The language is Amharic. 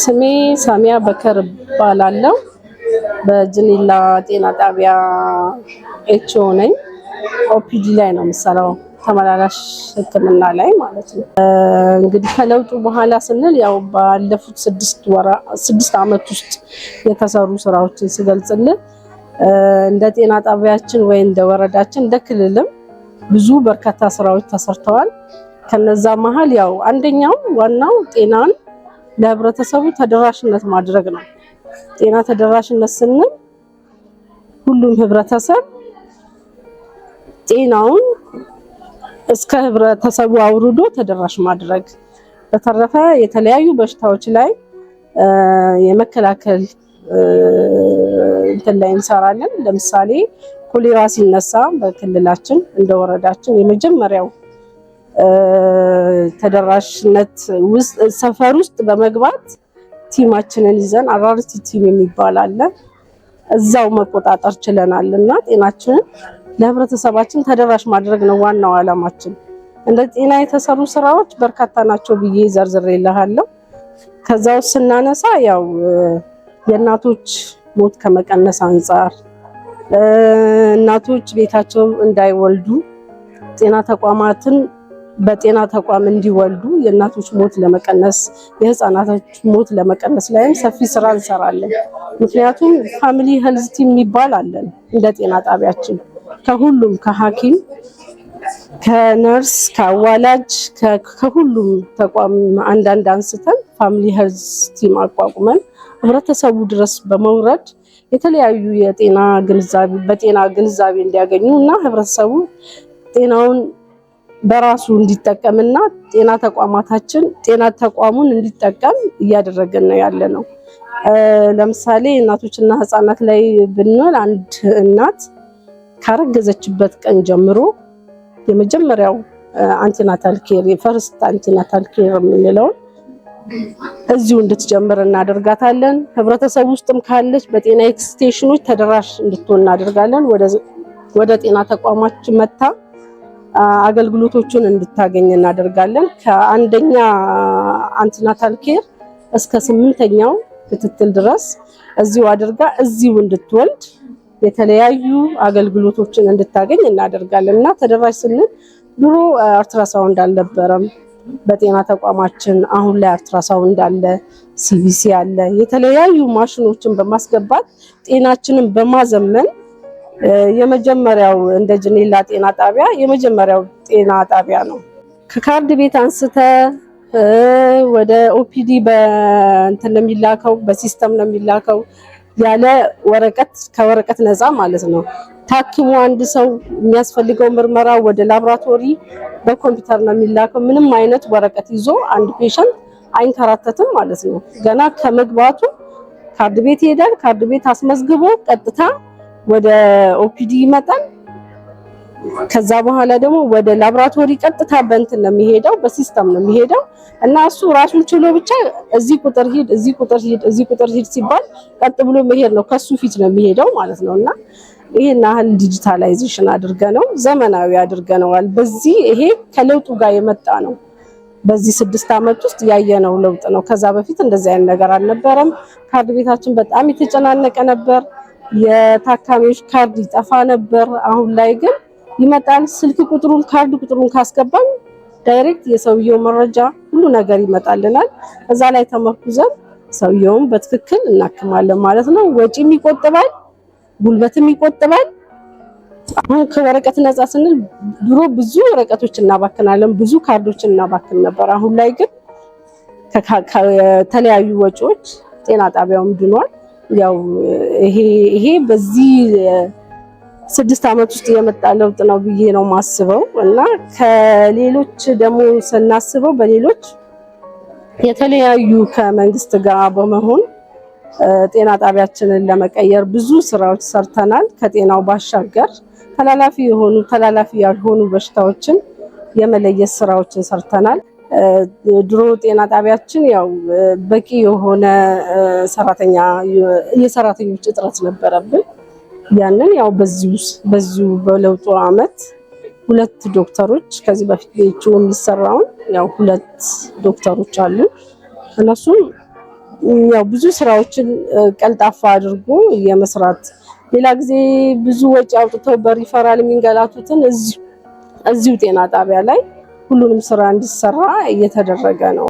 ስሜ ሳሚያ በከር እባላለሁ። በጅኒላ ጤና ጣቢያ ኤችኦ ነኝ። ኦፒዲ ላይ ነው የምሰራው፣ ተመላላሽ ሕክምና ላይ ማለት ነው። እንግዲህ ከለውጡ በኋላ ስንል ያው ባለፉት ስድስት ዓመት ውስጥ የተሰሩ ስራዎችን ሲገልጽልን እንደ ጤና ጣቢያችን ወይ እንደ ወረዳችን እንደ ክልልም ብዙ በርካታ ስራዎች ተሰርተዋል። ከነዛ መሀል ያው አንደኛው ዋናው ጤናን ለህብረተሰቡ ተደራሽነት ማድረግ ነው። ጤና ተደራሽነት ስንል ሁሉም ህብረተሰብ ጤናውን እስከ ህብረተሰቡ አውርዶ ተደራሽ ማድረግ። በተረፈ የተለያዩ በሽታዎች ላይ የመከላከል እንትን ላይ እንሰራለን። ለምሳሌ ኮሌራ ሲነሳ በክልላችን እንደወረዳችን የመጀመሪያው ተደራሽነት ሰፈር ውስጥ በመግባት ቲማችንን ይዘን አራርቲ ቲም የሚባል አለ እዛው መቆጣጠር ችለናል እና ጤናችንን ለህብረተሰባችን ተደራሽ ማድረግ ነው ዋናው ዓላማችን። እንደ ጤና የተሰሩ ስራዎች በርካታ ናቸው ብዬ ዘርዝሬልሃለሁ። ይልሃለሁ። ከዛው ስናነሳ ያው የእናቶች ሞት ከመቀነስ አንጻር እናቶች ቤታቸው እንዳይወልዱ ጤና ተቋማትን በጤና ተቋም እንዲወልዱ የእናቶች ሞት ለመቀነስ የህፃናቶች ሞት ለመቀነስ ላይም ሰፊ ስራ እንሰራለን። ምክንያቱም ፋሚሊ ሄልዝ ቲም የሚባል አለን እንደ ጤና ጣቢያችን ከሁሉም ከሐኪም ከነርስ ከአዋላጅ ከሁሉም ተቋም አንዳንድ አንስተን ፋሚሊ ሄልዝ ቲም አቋቁመን ህብረተሰቡ ድረስ በመውረድ የተለያዩ የጤና ግንዛቤ በጤና ግንዛቤ እንዲያገኙ እና ህብረተሰቡ ጤናውን በራሱ እንዲጠቀምና ጤና ተቋማታችን ጤና ተቋሙን እንዲጠቀም እያደረገን ነው ያለ ነው። ለምሳሌ እናቶችና ህጻናት ላይ ብንል አንድ እናት ካረገዘችበት ቀን ጀምሮ የመጀመሪያው አንቲናታል ኬር የፈርስት አንቲናታል ኬር የምንለውን እዚሁ እንድትጀምር እናደርጋታለን። ህብረተሰብ ውስጥም ካለች በጤና ኤክስቴንሽኖች ተደራሽ እንድትሆን እናደርጋለን። ወደ ጤና ተቋማችን መታ አገልግሎቶቹን እንድታገኝ እናደርጋለን። ከአንደኛ አንትናታል ኬር እስከ ስምንተኛው ክትትል ድረስ እዚሁ አድርጋ እዚሁ እንድትወልድ የተለያዩ አገልግሎቶችን እንድታገኝ እናደርጋለን እና ተደራሽ ስንል ድሮ አልትራሳውንድ አልነበረም በጤና ተቋማችን። አሁን ላይ አልትራሳውንድ አለ፣ ሲቢሲ አለ። የተለያዩ ማሽኖችን በማስገባት ጤናችንን በማዘመን የመጀመሪያው እንደ ጅኔላ ጤና ጣቢያ የመጀመሪያው ጤና ጣቢያ ነው። ከካርድ ቤት አንስተ ወደ ኦፒዲ በእንትን ነው የሚላከው፣ በሲስተም ነው የሚላከው ያለ ወረቀት ከወረቀት ነፃ ማለት ነው። ታክሞ አንድ ሰው የሚያስፈልገው ምርመራ ወደ ላብራቶሪ በኮምፒውተር ነው የሚላከው። ምንም አይነት ወረቀት ይዞ አንድ ፔሸንት አይንከራተትም ማለት ነው። ገና ከመግባቱ ካርድ ቤት ይሄዳል። ካርድ ቤት አስመዝግቦ ቀጥታ ወደ ኦፒዲ ይመጣል። ከዛ በኋላ ደግሞ ወደ ላብራቶሪ ቀጥታ በእንትን ነው የሚሄደው፣ በሲስተም ነው የሚሄደው እና እሱ ራሱን ችሎ ብቻ እዚህ ቁጥር ሂድ፣ እዚህ ቁጥር ሂድ፣ እዚህ ቁጥር ሂድ ሲባል ቀጥ ብሎ መሄድ ነው። ከሱ ፊት ነው የሚሄደው ማለት ነው እና ይሄን ያህል ዲጂታላይዜሽን አድርገ ነው ዘመናዊ አድርገ ነዋል። በዚህ ይሄ ከለውጡ ጋር የመጣ ነው። በዚህ ስድስት ዓመት ውስጥ ያየነው ለውጥ ነው። ከዛ በፊት እንደዚህ አይነት ነገር አልነበረም። ካርድ ቤታችን በጣም የተጨናነቀ ነበር። የታካሚዎች ካርድ ይጠፋ ነበር። አሁን ላይ ግን ይመጣል። ስልክ ቁጥሩን ካርድ ቁጥሩን ካስገባን ዳይሬክት የሰውየው መረጃ ሁሉ ነገር ይመጣልናል። እዛ ላይ ተመርኩዘን ሰውየውን በትክክል እናክማለን ማለት ነው። ወጪም ይቆጥባል፣ ጉልበትም ይቆጥባል። አሁን ከወረቀት ነፃ ስንል ድሮ ብዙ ወረቀቶች እናባክናለን፣ ብዙ ካርዶች እናባክን ነበር። አሁን ላይ ግን ከተለያዩ ወጪዎች ጤና ጣቢያውም ድኗል። ያው ይሄ በዚህ ስድስት ዓመት ውስጥ የመጣ ለውጥ ነው ብዬ ነው ማስበው እና ከሌሎች ደግሞ ስናስበው በሌሎች የተለያዩ ከመንግስት ጋር በመሆን ጤና ጣቢያችንን ለመቀየር ብዙ ስራዎች ሰርተናል። ከጤናው ባሻገር ተላላፊ የሆኑ ተላላፊ ያልሆኑ በሽታዎችን የመለየት ስራዎችን ሰርተናል። ድሮ ጤና ጣቢያችን ያው በቂ የሆነ ሰራተኛ የሰራተኞች እጥረት ነበረብን። ያንን ያው በዚሁ በለውጡ አመት ሁለት ዶክተሮች ከዚህ በፊት ቤቹ የሚሰራውን ያው ሁለት ዶክተሮች አሉ። እነሱም ያው ብዙ ስራዎችን ቀልጣፋ አድርጎ የመስራት ሌላ ጊዜ ብዙ ወጪ አውጥተው በሪፈራል የሚንገላቱትን እዚሁ ጤና ጣቢያ ላይ ሁሉንም ስራ እንዲሰራ እየተደረገ ነው።